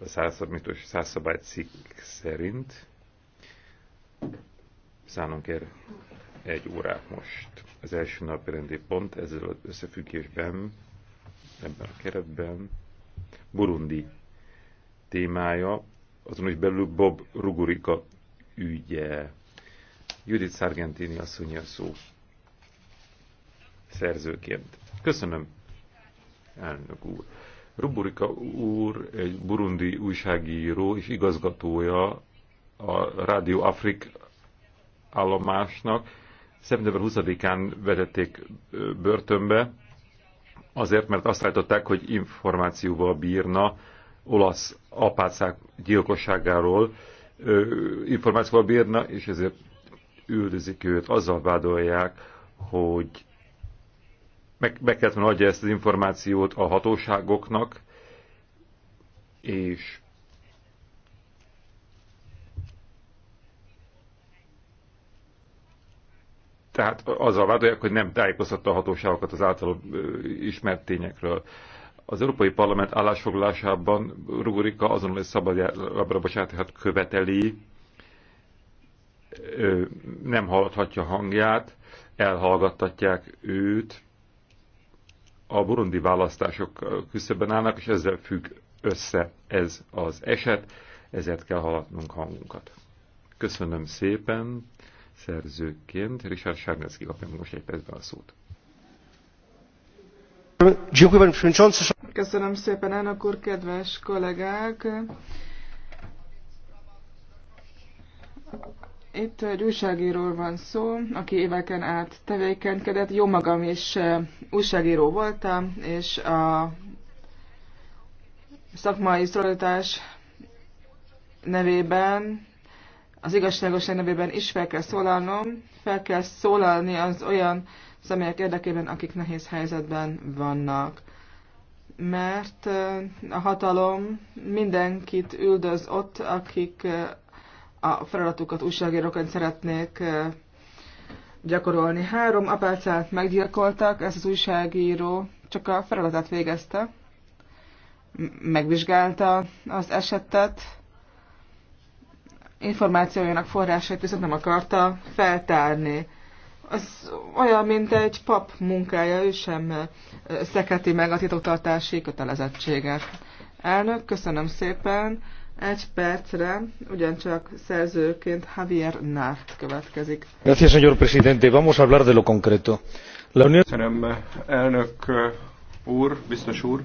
a 135 százszabály cikk szerint szánunk el egy órát most. Az első napi rendi pont ezzel az összefüggésben, ebben a keretben Burundi témája, azon is belül Bob Rugurika ügye. Judith Sargentini asszony a szó szerzőként. Köszönöm, elnök úr. Ruburika úr egy burundi újságíró és igazgatója a Rádió Afrik állomásnak. Szeptember 20-án vetették börtönbe, azért, mert azt állították, hogy információval bírna olasz apácák gyilkosságáról, információval bírna, és ezért üldözik őt, azzal vádolják, hogy meg, meg kellett volna adja ezt az információt a hatóságoknak, és tehát azzal vádolják, hogy nem tájékoztatta a hatóságokat az által ismert tényekről. Az Európai Parlament állásfoglalásában rubrika azonnal egy szabad bocsánat, követeli, nem hallhatja hangját, elhallgattatják őt, a burundi választások küszöbben állnak, és ezzel függ össze ez az eset, ezért kell haladnunk hangunkat. Köszönöm szépen szerzőként. Richard Sárnyeszki kapja most egy percben a szót. Köszönöm szépen, elnök úr, kedves kollégák! Itt egy újságíról van szó, aki éveken át tevékenykedett. Jó magam is újságíró voltam, és a szakmai szolgáltatás nevében, az igazságosság nevében is fel kell szólalnom, fel kell szólalni az olyan személyek érdekében, akik nehéz helyzetben vannak. Mert a hatalom mindenkit üldöz ott, akik a feladatukat újságíróként szeretnék gyakorolni. Három apácát meggyilkoltak, ez az újságíró csak a feladatát végezte, megvizsgálta az esetet, információjának forrásait viszont nem akarta feltárni. Az olyan, mint egy pap munkája, ő sem szekheti meg a titoktartási kötelezettséget. Elnök, köszönöm szépen. Egy percre ugyancsak szerzőként Javier Nart következik. Gracias, señor presidente. Vamos a hablar de lo concreto. La Unión... Köszönöm, elnök eh, úr, biztos úr.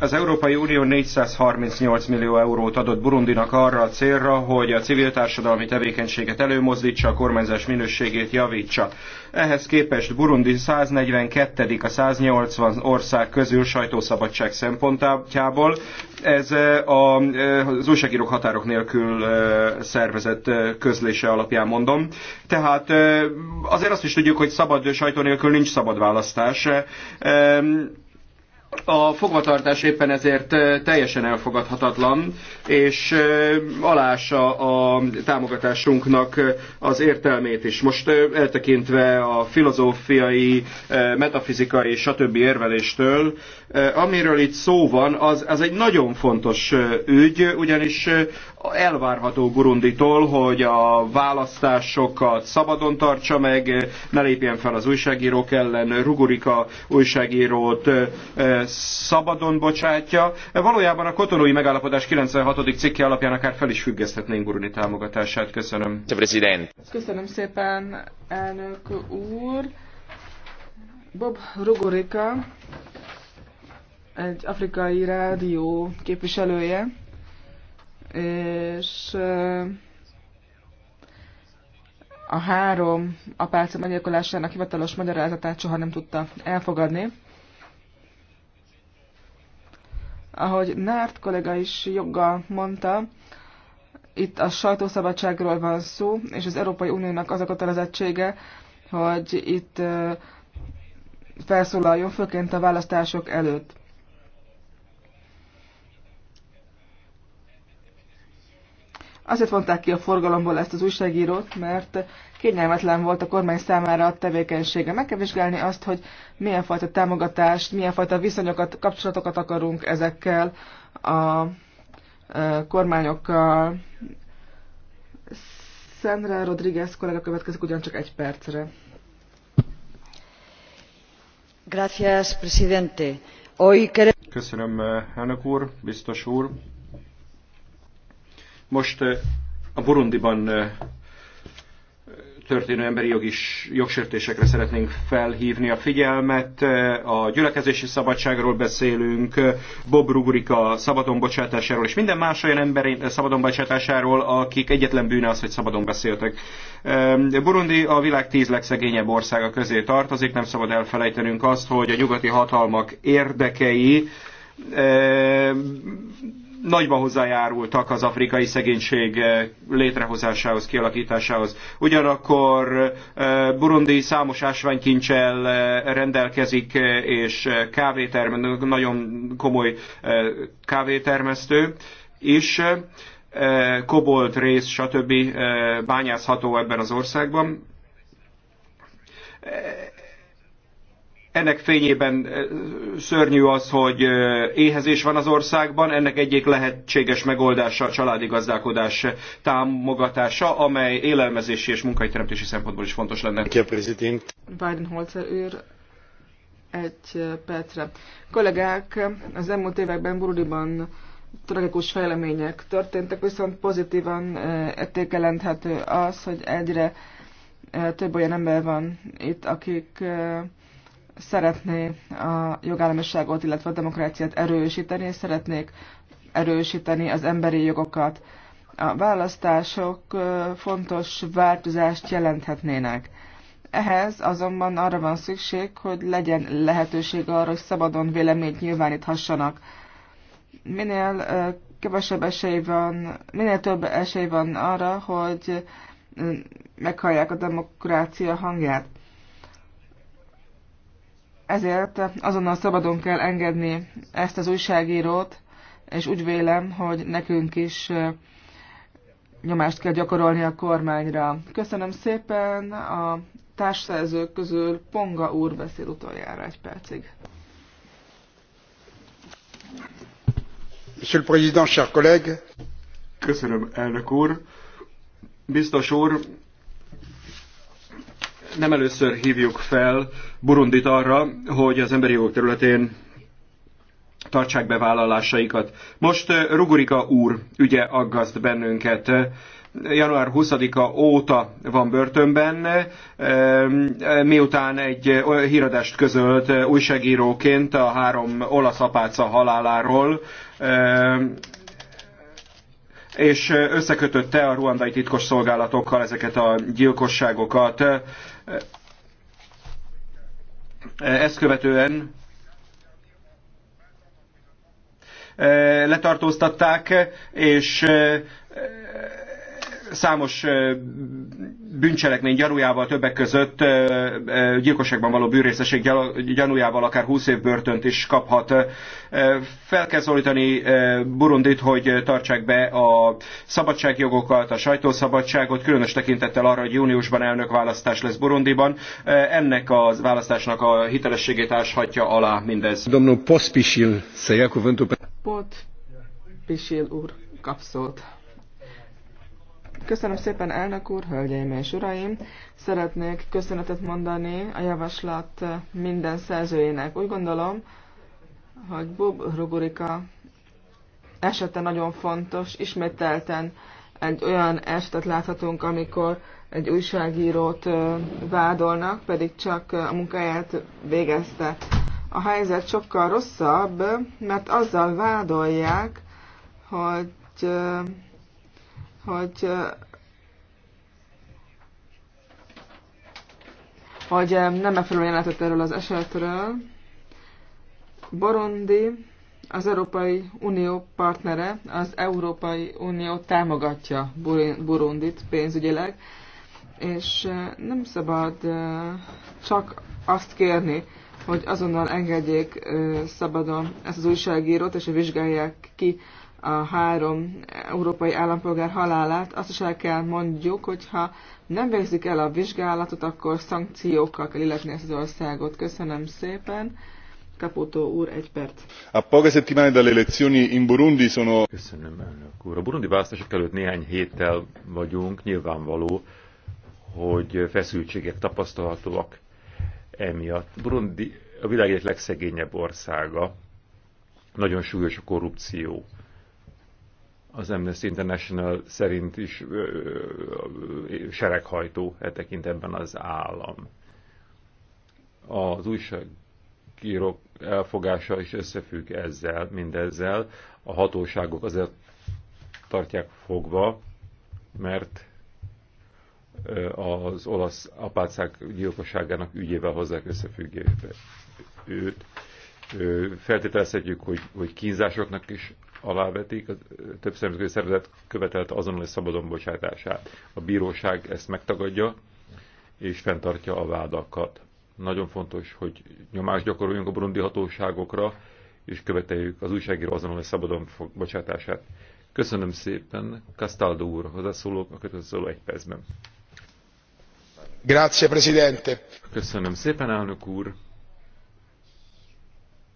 Az Európai Unió 438 millió eurót adott Burundinak arra a célra, hogy a civil társadalmi tevékenységet előmozdítsa, a kormányzás minőségét javítsa. Ehhez képest Burundi 142. a 180 ország közül sajtószabadság szempontjából. Ez eh, eh, az újságírók határok nélkül eh, szervezett közlése alapján mondom. Tehát azért azt is tudjuk, hogy szabad sajtó nélkül nincs szabad választás a fogvatartás éppen ezért teljesen elfogadhatatlan, és alása a támogatásunknak az értelmét is. Most eltekintve a filozófiai, metafizikai, stb. érveléstől Eh, amiről itt szó van, az, az egy nagyon fontos eh, ügy, ugyanis eh, elvárható Burunditól, hogy a választásokat szabadon tartsa meg, ne lépjen fel az újságírók ellen, Rugurika újságírót szabadon bocsátja. Valójában a kotonói megállapodás 96. cikke alapján akár fel is függeszthetnénk Burundi támogatását. Köszönöm. Köszönöm szépen, elnök úr. Bob Rugurika egy afrikai rádió képviselője, és a három apáca meggyilkolásának hivatalos magyarázatát soha nem tudta elfogadni. Ahogy Nárt kollega is joggal mondta, itt a sajtószabadságról van szó, és az Európai Uniónak az a kötelezettsége, hogy itt felszólaljon, főként a választások előtt. Azért vonták ki a forgalomból ezt az újságírót, mert kényelmetlen volt a kormány számára a tevékenysége. Meg kell vizsgálni azt, hogy milyen fajta támogatást, milyen fajta viszonyokat, kapcsolatokat akarunk ezekkel a e, kormányokkal. Sandra Rodriguez kollega következik ugyancsak egy percre. Gracias, presidente. Hoy... Köszönöm, elnök úr, biztos úr most eh, a Burundiban eh, történő emberi jogi jogsértésekre szeretnénk felhívni a figyelmet. Eh, a gyülekezési szabadságról beszélünk, Bob Rugurika szabadonbocsátásáról, és minden más olyan ember szabadonbocsátásáról, akik egyetlen bűne az, hogy szabadon beszéltek. Burundi a világ tíz legszegényebb országa közé tartozik, nem szabad elfelejtenünk azt, hogy a nyugati hatalmak érdekei nagyban hozzájárultak az afrikai szegénység eh, létrehozásához, kialakításához. Ugyanakkor eh, Burundi számos ásványkincsel eh, rendelkezik, és kávéterm, nagyon komoly kávétermesztő is, kobolt, rész, stb. bányászható ebben az országban ennek fényében szörnyű az, hogy éhezés van az országban, ennek egyik lehetséges megoldása a családi gazdálkodás támogatása, amely élelmezési és munkahelyteremtési szempontból is fontos lenne. Weidenholzer úr, egy percre. Kollégák, az elmúlt években Burudiban tragikus fejlemények történtek, viszont pozitívan értékelendhető az, hogy egyre több olyan ember van itt, akik szeretné a jogállamiságot, illetve a demokráciát erősíteni, és szeretnék erősíteni az emberi jogokat. A választások fontos változást jelenthetnének. Ehhez azonban arra van szükség, hogy legyen lehetőség arra, hogy szabadon véleményt nyilváníthassanak. Minél kevesebb esély van, minél több esély van arra, hogy meghallják a demokrácia hangját. Ezért azonnal szabadon kell engedni ezt az újságírót, és úgy vélem, hogy nekünk is nyomást kell gyakorolni a kormányra. Köszönöm szépen, a társszerzők közül Ponga úr beszél utoljára egy percig. Monsieur le Président, chers collègues. Köszönöm, elnök úr. Biztos úr, nem először hívjuk fel Burundit arra, hogy az emberi jogok területén tartsák be vállalásaikat. Most eh, Rugurika úr ügye aggaszt bennünket január 20-a óta van börtönben, eh, miután egy eh, híradást közölt újságíróként a három olasz apáca haláláról, és összekötötte a ruandai titkos szolgálatokkal ezeket a gyilkosságokat. Ezt követően eh, letartóztatták, és eh, számos bűncselekmény gyanújával többek között gyilkosságban való bűrészeség gyanújával akár 20 év börtönt is kaphat. Fel kell szólítani Burundit, hogy tartsák be a szabadságjogokat, a sajtószabadságot, különös tekintettel arra, hogy júniusban elnökválasztás lesz Burundiban. Ennek a választásnak a hitelességét áshatja alá mindez. Domnul Pospisil, Pot Pisil úr, kapszolt. Köszönöm szépen, elnök úr, hölgyeim és uraim! Szeretnék köszönetet mondani a javaslat minden szerzőjének. Úgy gondolom, hogy Bob Rugurika esete nagyon fontos. Ismételten egy olyan estet láthatunk, amikor egy újságírót vádolnak, pedig csak a munkáját végezte. A helyzet sokkal rosszabb, mert azzal vádolják, hogy hogy hogy nem megfelelő jelentett erről az esetről. Burundi az Európai Unió partnere, az Európai Unió támogatja Burundit pénzügyileg, és nem szabad csak azt kérni, hogy azonnal engedjék szabadon ezt az újságírót, és vizsgálják ki a három európai állampolgár halálát, azt is el kell mondjuk, hogyha nem végzik el a vizsgálatot, akkor szankciókkal kell illetni ezt az országot. Köszönöm szépen. Caputo úr, egy perc. A poche settimane dalle elezioni in Burundi sono... Köszönöm, elnök úr. A burundi választások előtt néhány héttel vagyunk, nyilvánvaló, hogy feszültségek tapasztalhatóak emiatt. Burundi a világ egyik legszegényebb országa, nagyon súlyos a korrupció az Amnesty International szerint is sereghajtó e tekintetben az állam. Az újságírók elfogása is összefügg ezzel, mindezzel. A hatóságok azért tartják fogva, mert az olasz apácák gyilkosságának ügyével hozzák összefüggésbe őt feltételezhetjük, hogy, hogy kínzásoknak is alávetik, a több szemzetközi szervezet követelte azonnal egy szabadon bocsátását. A bíróság ezt megtagadja, és fenntartja a vádakat. Nagyon fontos, hogy nyomást gyakoroljunk a burundi hatóságokra, és követeljük az újságíró azonnal egy szabadon bocsátását. Köszönöm szépen, Castaldo úr, hozzászóló, a következő egy percben. Grazie, Presidente. Köszönöm szépen, elnök úr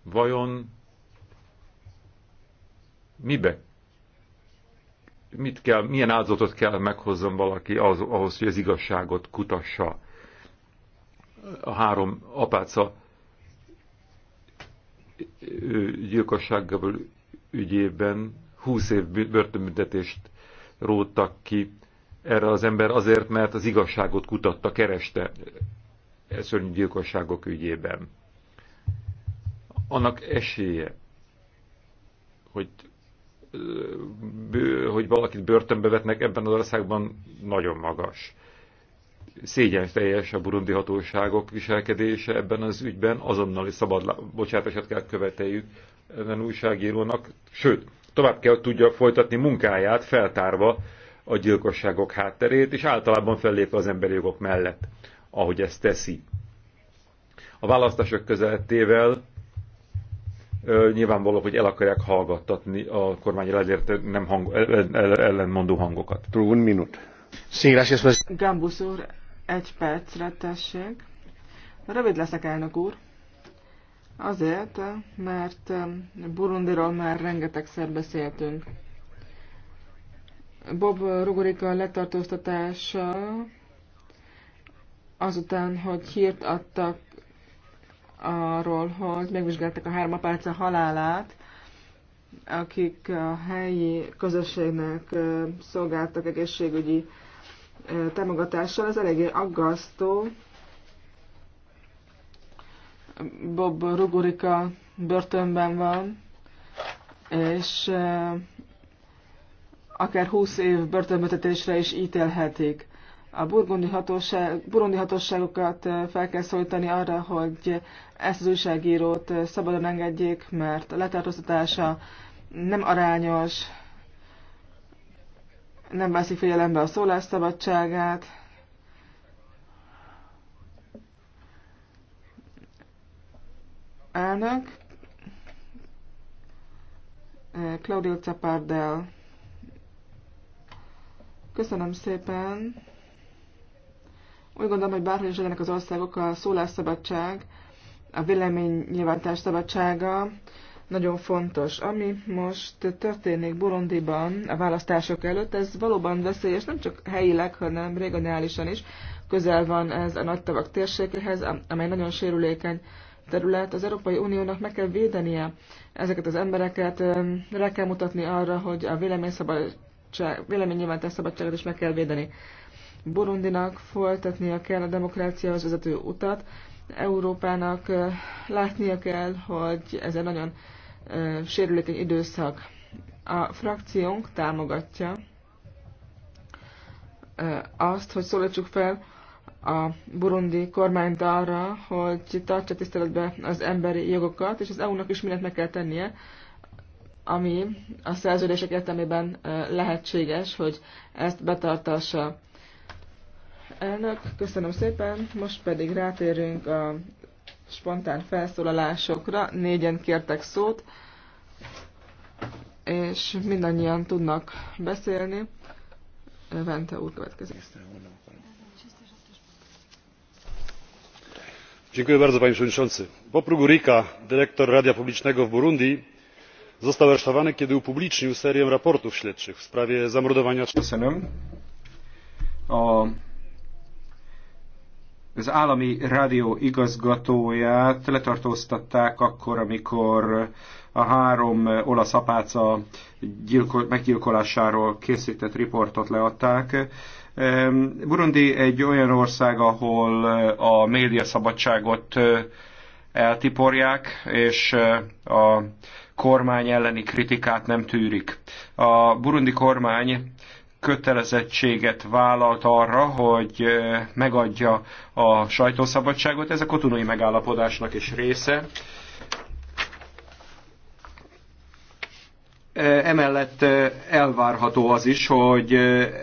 vajon mibe? Mit kell, milyen áldozatot kell meghozzon valaki az, ahhoz, hogy az igazságot kutassa? A három apáca gyilkosságával ügyében húsz év börtönbüntetést róttak ki erre az ember azért, mert az igazságot kutatta, kereste e szörnyű gyilkosságok ügyében annak esélye, hogy, hogy valakit börtönbe vetnek ebben az országban nagyon magas. Szégyen teljes a burundi hatóságok viselkedése ebben az ügyben, azonnali szabad bocsátását kell követeljük ezen újságírónak, sőt, tovább kell tudja folytatni munkáját, feltárva a gyilkosságok hátterét, és általában fellépve az emberi jogok mellett, ahogy ezt teszi. A választások közeltével nyilvánvaló, hogy el akarják hallgattatni a kormány elért nem hang, ellenmondó hangokat. Un minut. Gambusz úr, egy percre tessék. Rövid leszek, elnök úr. Azért, mert Burundiról már rengetegszer beszéltünk. Bob Rugurika letartóztatása azután, hogy hírt adtak arról, hogy megvizsgálták a három apáca halálát, akik a helyi közösségnek szolgáltak egészségügyi támogatással. Ez eléggé aggasztó. Bob Rugurika börtönben van, és akár 20 év börtönbetetésre is ítélhetik a burgundi, hatóság, burgundi hatóságokat fel kell szólítani arra, hogy ezt az újságírót szabadon engedjék, mert a letartóztatása nem arányos, nem veszik figyelembe a szólásszabadságát, elnök, Claudio Capardel. Köszönöm szépen! Úgy gondolom, hogy bárhol is legyenek az országok, a szólásszabadság, a véleménynyilvántás szabadsága nagyon fontos. Ami most történik Burundiban a választások előtt, ez valóban veszélyes, nem csak helyileg, hanem regionálisan is. Közel van ez a nagy tavak térségéhez, amely nagyon sérülékeny terület. Az Európai Uniónak meg kell védenie ezeket az embereket, rá kell mutatni arra, hogy a véleménynyilvántás szabadságot is meg kell védeni. Burundinak folytatnia kell a demokráciához vezető utat, Európának látnia kell, hogy ez egy nagyon sérülékeny időszak. A frakciónk támogatja azt, hogy szólítsuk fel a burundi kormányt arra, hogy tartsa tiszteletbe az emberi jogokat, és az EU-nak is mindent meg kell tennie, ami a szerződések értelmében lehetséges, hogy ezt betartassa elnök, köszönöm szépen. Most pedig rátérünk a spontán felszólalásokra. Négyen kértek szót, és mindannyian tudnak beszélni. Vente úr következik. Dziękuję bardzo, panie przewodniczący. Po progu Rika, dyrektor radia publicznego w Burundi, został aresztowany, kiedy upublicznił serię raportów śledczych w sprawie zamordowania... Dziękuję az állami rádió igazgatóját letartóztatták akkor, amikor a három olasz apáca meggyilkolásáról készített riportot leadták. Burundi egy olyan ország, ahol a média szabadságot eltiporják, és a kormány elleni kritikát nem tűrik. A burundi kormány kötelezettséget vállalt arra, hogy megadja a sajtószabadságot. Ez a kotonai megállapodásnak is része. Emellett elvárható az is, hogy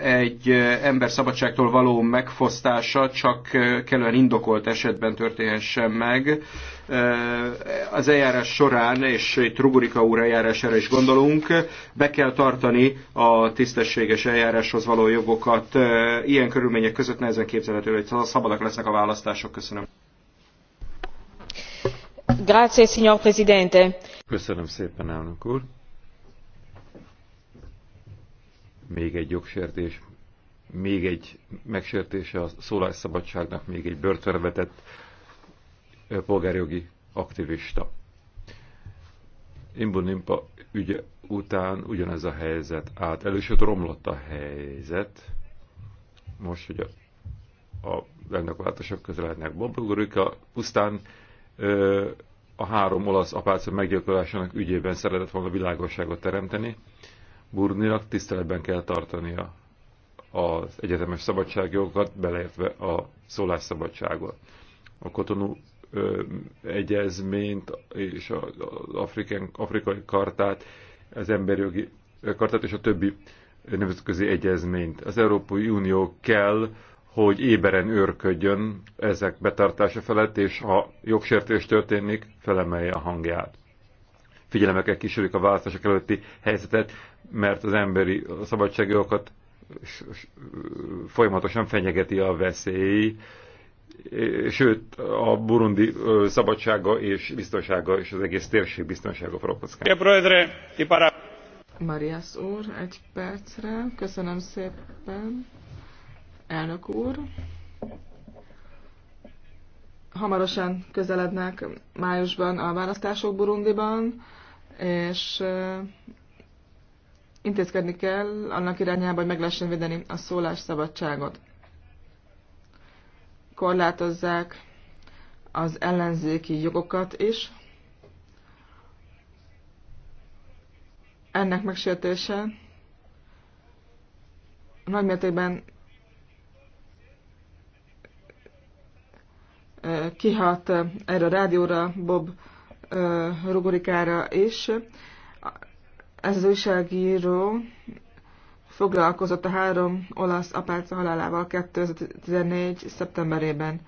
egy ember szabadságtól való megfosztása csak kellően indokolt esetben történhessen meg. Az eljárás során, és itt Rugurika úr eljárására is gondolunk, be kell tartani a tisztességes eljáráshoz való jogokat. Ilyen körülmények között nehezen képzelhető, hogy szabadak lesznek a választások. Köszönöm. Grazie, signor Presidente. Köszönöm szépen, elnök úr még egy jogsértés, még egy megsértése a szólásszabadságnak, még egy börtönvetett polgárjogi aktivista. Imbunimpa ügye után ugyanez a helyzet át. Először romlott a helyzet, most, hogy a, a elnökváltások közelednek. Bobrugorika pusztán ö, a három olasz apáca meggyilkolásának ügyében szeretett volna világosságot teremteni, Burninak tiszteletben kell tartania az egyetemes szabadságjogokat, beleértve a szólásszabadságot. A Kotonú egyezményt és az Afrikan, afrikai kartát, az emberi jogi kartát és a többi nemzetközi egyezményt. Az Európai Unió kell, hogy éberen őrködjön ezek betartása felett, és ha jogsértés történik, felemelje a hangját figyelembe kell kísérjük a választások előtti helyzetet, mert az emberi szabadságjogokat folyamatosan fenyegeti a veszély, sőt a burundi szabadsága és biztonsága és az egész térség biztonsága forog Marias úr, egy percre. Köszönöm szépen. Elnök úr. Hamarosan közelednek májusban a választások Burundiban és intézkedni kell annak irányába, hogy meg lehessen védeni a szólásszabadságot. Korlátozzák az ellenzéki jogokat is. Ennek megsértése nagymértékben kihat erre a rádióra, Bob rubrikára is. Ez az újságíró foglalkozott a három olasz apáca halálával 2014. szeptemberében.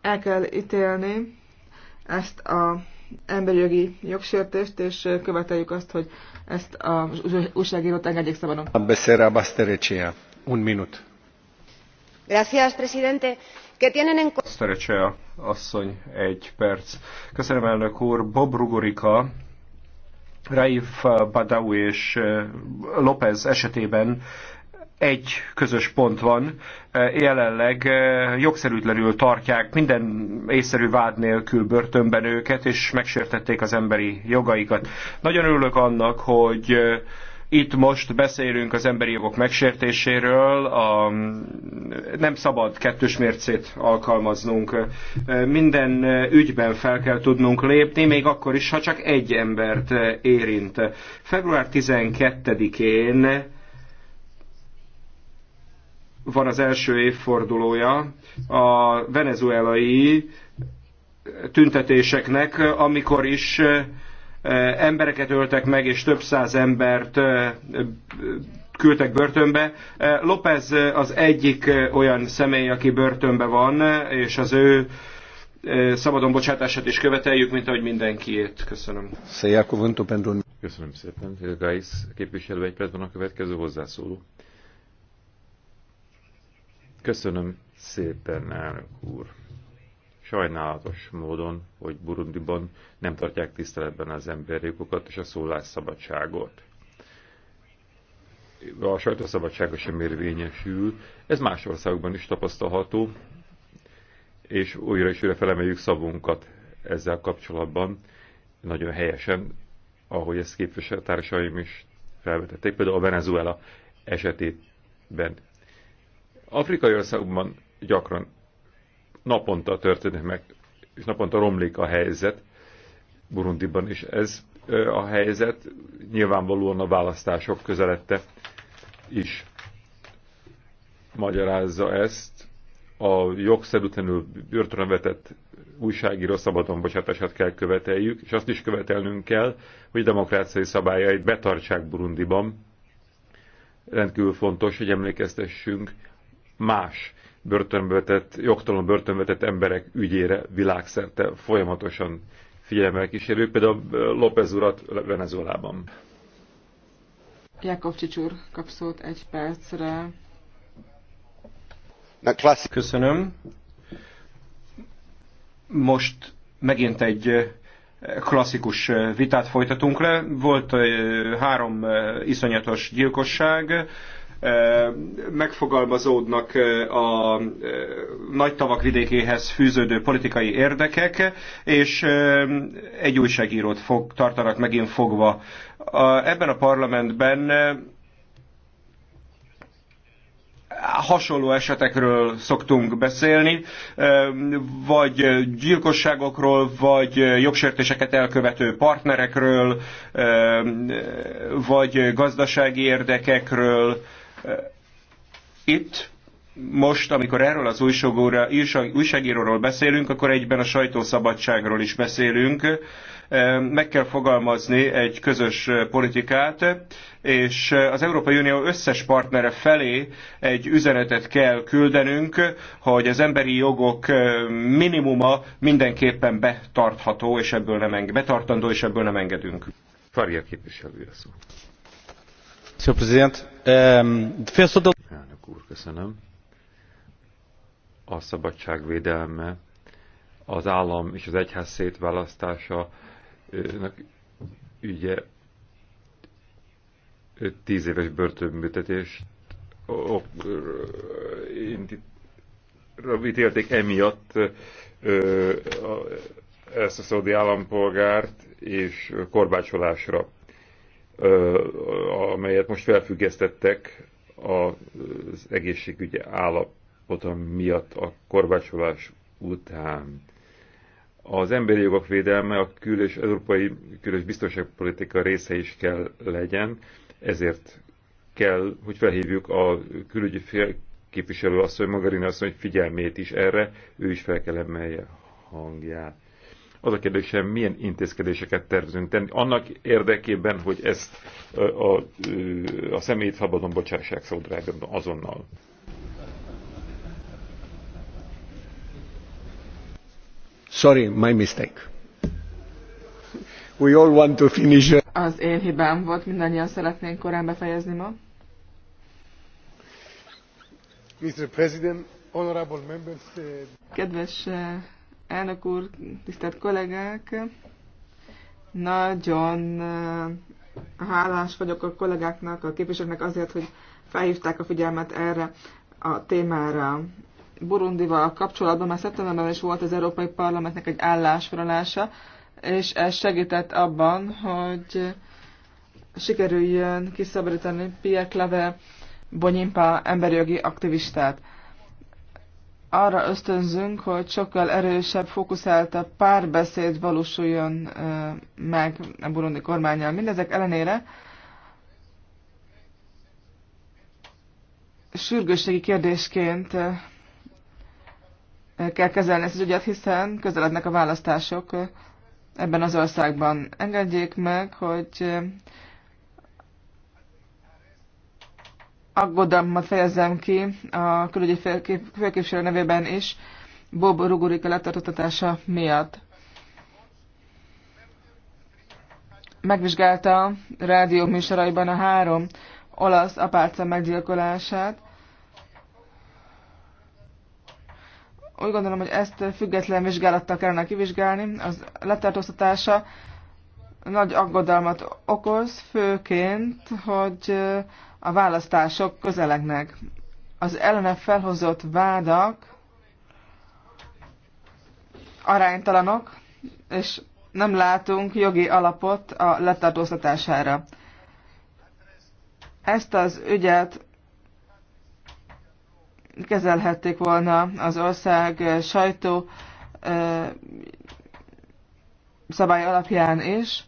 El kell ítélni ezt a emberi jogi jogsértést, és követeljük azt, hogy ezt az újságírót engedjék szabadon. a Un minut. Gracias, presidente. Szerecse asszony, egy perc. Köszönöm, elnök úr. Bob Rugorika, Raif Badawi és eh, López esetében egy közös pont van. Eh, jelenleg eh, jogszerűtlenül tartják minden észszerű vád nélkül börtönben őket, és megsértették az emberi jogaikat. Nagyon örülök annak, hogy itt most beszélünk az emberi jogok megsértéséről, a, nem szabad kettős mércét alkalmaznunk. Minden ügyben fel kell tudnunk lépni, még akkor is, ha csak egy embert érint. Február 12-én van az első évfordulója a venezuelai tüntetéseknek, amikor is embereket öltek meg, és több száz embert küldtek börtönbe. López az egyik olyan személy, aki börtönbe van, és az ő szabadon bocsátását is követeljük, mint ahogy mindenkiét. Köszönöm. Köszönöm szépen. Gáis képviselő egy percben a következő hozzászóló. Köszönöm szépen, elnök úr sajnálatos módon, hogy Burundiban nem tartják tiszteletben az emberjogokat és a szólásszabadságot. A sajtószabadsága sem érvényesül, ez más országokban is tapasztalható, és újra és újra felemeljük szavunkat ezzel kapcsolatban, nagyon helyesen, ahogy ezt képviselőtársaim is felvetették, például a Venezuela esetében. Afrikai országokban gyakran naponta történik meg, és naponta romlik a helyzet, Burundiban is ez a helyzet, nyilvánvalóan a választások közelette is magyarázza ezt. A jogszerűtlenül börtönre vetett újságíró szabadon bocsátását kell követeljük, és azt is követelnünk kell, hogy demokráciai szabályait betartsák Burundiban. Rendkívül fontos, hogy emlékeztessünk más börtönbetett, jogtalan börtönbetett emberek ügyére világszerte folyamatosan figyelemmel kísérő, például López urat Venezuelában. Jakov úr kap szót egy percre. Köszönöm. Most megint egy klasszikus vitát folytatunk le. Volt három iszonyatos gyilkosság, megfogalmazódnak a nagy tavak vidékéhez fűződő politikai érdekek, és egy újságírót fog, tartanak megint fogva. A, ebben a parlamentben hasonló esetekről szoktunk beszélni, vagy gyilkosságokról, vagy jogsértéseket elkövető partnerekről, vagy gazdasági érdekekről, itt most, amikor erről az újságíróról beszélünk, akkor egyben a sajtószabadságról is beszélünk. Meg kell fogalmazni egy közös politikát, és az Európai Unió összes partnere felé egy üzenetet kell küldenünk, hogy az emberi jogok minimuma mindenképpen betartható, és ebből nem enged, betartandó, és ebből nem engedünk. Faria képviselője szó. Sr. Ehm, Elnök úr, köszönöm. A védelme, az állam és az egyház szétválasztása ügye tíz éves börtönbüntetést ítélték emiatt ezt a szódi állampolgárt és korbácsolásra amelyet most felfüggesztettek az egészségügyi állapota miatt a korbácsolás után. Az emberi jogok védelme a kül- és európai kül- és biztonságpolitika része is kell legyen, ezért kell, hogy felhívjuk a külügyi képviselő asszony, Magarina asszony figyelmét is erre, ő is fel kell emelje hangját. Az a kérdésem, milyen intézkedéseket tervezünk tenni annak érdekében, hogy ezt a, a, a személyt szabadon bocsássák drága, azonnal. Sorry, my mistake. We all want to finish. Az én hibám volt, mindannyian szeretnénk korán befejezni ma. Mr. President, honorable members. Eh, Kedves eh, Elnök úr, tisztelt kollégák! Nagyon eh, hálás vagyok a kollégáknak, a képviselőknek azért, hogy felhívták a figyelmet erre a témára. Burundival kapcsolatban már szeptemberben is volt az Európai Parlamentnek egy állásfoglalása, és ez segített abban, hogy sikerüljön kiszabadítani Pierre Claver Bonyimpa emberi jogi aktivistát arra ösztönzünk, hogy sokkal erősebb, fókuszáltabb párbeszéd valósuljon meg a burundi kormányjal. Mindezek ellenére sürgősségi kérdésként kell kezelni ezt az ügyet, hiszen közelednek a választások ebben az országban. Engedjék meg, hogy aggodalmat fejezem ki a külügyi főképviselő nevében is, Bob Rugurika letartóztatása miatt. Megvizsgálta rádió műsoraiban a három olasz apáca meggyilkolását. Úgy gondolom, hogy ezt független vizsgálattal kellene kivizsgálni. Az letartóztatása nagy aggodalmat okoz, főként, hogy a választások közelegnek. Az ellene felhozott vádak aránytalanok, és nem látunk jogi alapot a letartóztatására. Ezt az ügyet kezelhették volna az ország sajtó szabály alapján is,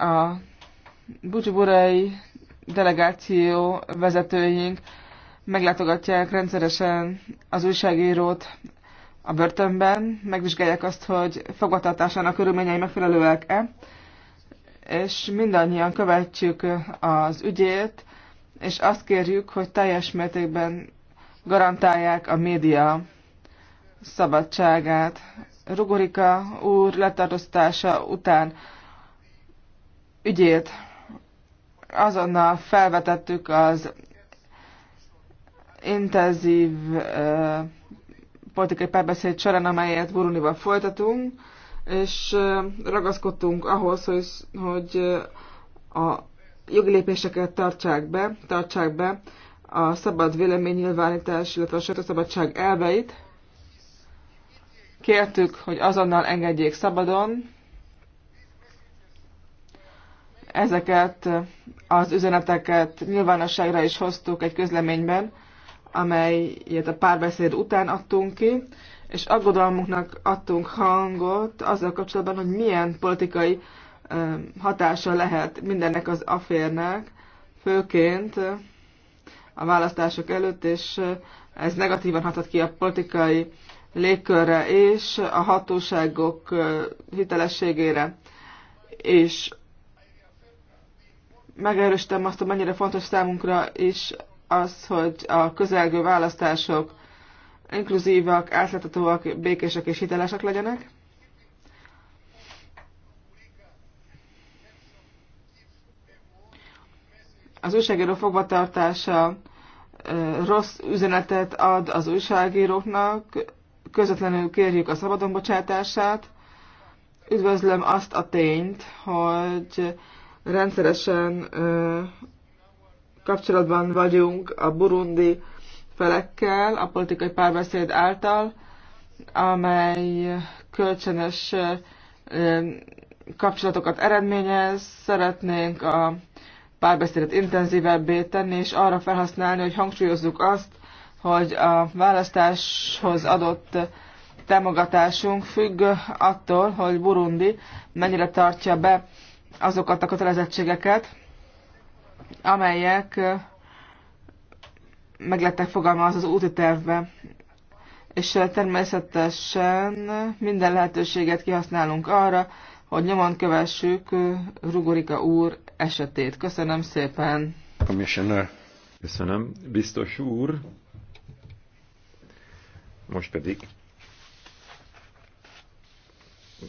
a bucsuburai delegáció vezetőink meglátogatják rendszeresen az újságírót a börtönben, megvizsgálják azt, hogy fogvatartásának körülményei megfelelőek-e, és mindannyian követjük az ügyét, és azt kérjük, hogy teljes mértékben garantálják a média szabadságát. Rugorika úr letartóztatása után ügyét. Azonnal felvetettük az intenzív uh, politikai párbeszéd során, amelyet Burunival folytatunk, és uh, ragaszkodtunk ahhoz, hogy, hogy uh, a jogi lépéseket tartsák be, tartsák be a szabad véleménynyilvánítás, illetve a sajtószabadság elveit. Kértük, hogy azonnal engedjék szabadon, Ezeket az üzeneteket nyilvánosságra is hoztuk egy közleményben, amelyet a párbeszéd után adtunk ki, és aggodalmunknak adtunk hangot azzal kapcsolatban, hogy milyen politikai hatása lehet mindennek az aférnek, főként a választások előtt, és ez negatívan hatott ki a politikai légkörre és a hatóságok hitelességére. És megerősítem azt, hogy mennyire fontos számunkra is az, hogy a közelgő választások inkluzívak, átláthatóak, békések és hitelesek legyenek. Az újságíró fogvatartása rossz üzenetet ad az újságíróknak, közvetlenül kérjük a szabadonbocsátását. Üdvözlöm azt a tényt, hogy Rendszeresen kapcsolatban vagyunk a burundi felekkel, a politikai párbeszéd által, amely kölcsönös kapcsolatokat eredményez, szeretnénk a párbeszédet intenzívebbé tenni, és arra felhasználni, hogy hangsúlyozzuk azt, hogy a választáshoz adott támogatásunk függ attól, hogy Burundi mennyire tartja be azokat a kötelezettségeket, amelyek meglettek fogalmazva az úti tervbe. És természetesen minden lehetőséget kihasználunk arra, hogy nyomon kövessük Rugorika úr esetét. Köszönöm szépen! Commissioner. Köszönöm, biztos úr! Most pedig